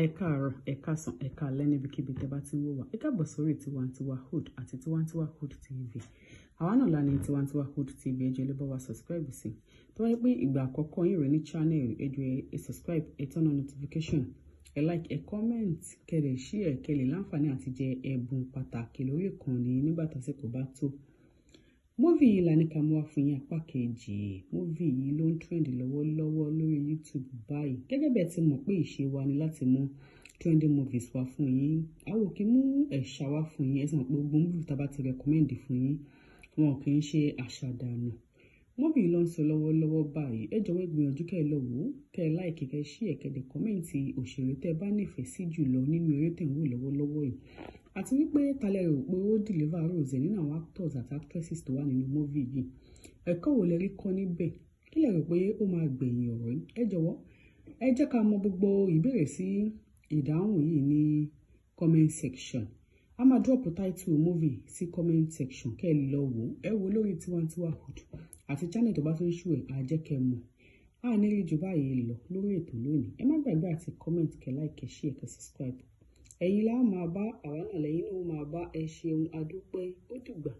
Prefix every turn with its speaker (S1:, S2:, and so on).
S1: ẹ káàárọ̀ ẹ káàsán ẹ káalẹ́ níbikíbi tẹ́ bá ti ń wò wá ẹ káàbọ̀ sórí Tiwantiwa Hood àti Tiwantiwa Hood TV àwa náà la ní Tiwantiwa Hood TV ẹ jọ̀ọ́ lè bá wa subscribe sí tó wáyé pé ìgbà àkọ́kọ́ yìí rẹ ní channel ẹ jọ̀ọ́ ẹ subscribe ẹ turn on notification ẹ like ẹ comment kẹlẹ share kẹlẹ láǹfààní àti jẹ ẹ̀bùn pàtàkì lórí ìkànnì nígbà tásìkò bá tó múvì yìí la ní ká mú wá fún yín apá kejì múvì yìí ló ń trend lọ́wọ́lọ́wọ́ lórí YouTube báyìí gẹ́gẹ́ bẹ́ẹ̀ ti mọ̀ pé ìṣe wa ni láti mú trending movies wá fún yín àwọn kì í mú ẹ̀ṣà wá fún yín ẹ̀sìn pé gbogbo múvì tá a bá ti recommend fún yín wọn kì í ṣe àṣà dànù múbì ló ń sọ lọ́wọ́lọ́wọ́ báyìí ẹ jọ̀wọ́ gbìyànjú kẹ́ ẹ lọ wò ó kẹ́ ẹ láìkí kẹ́ ẹ ṣí ẹ̀ kẹ́dẹ̀ kọ́mẹ́ǹtì òṣèré tẹ́ ẹ bá nífẹ̀ẹ́ sí jùlọ nínú eré tẹ̀ ń lọ́wọ́lọ́wọ́ yìí àti wípé talẹ̀ rò pé ó deliver rose nínú àwọn actors àti actresses tó wà nínú movie yìí ẹ̀kọ́ wo lẹ rí kọ́ níbẹ̀ kí lẹ rò pé ó máa gbẹ̀yìn ọ̀rọ̀ yìí ẹ jọ̀wọ́ ẹ jẹ́ ká mọ gbogbo ìbéèrè sí ìdáhùn yìí ní comment section a máa drop title movie sí comment section kẹ́ ẹ lọ wò ẹ wò lórí Tiwantiwa Hudu àti channel tó bá tún ṣù ẹ̀ á jẹ́ kẹ́ mọ̀ a ní rí ju báyìí lọ lórí ètò lónìí ẹ má gbàgbé àti comment kẹ́ like kẹ́ share kẹ́ subscribe ẹ̀yin láwọn máa bá àwa náà lẹ́yìn náà máa bá ẹ ṣeun adúpẹ́ ó dìgbà.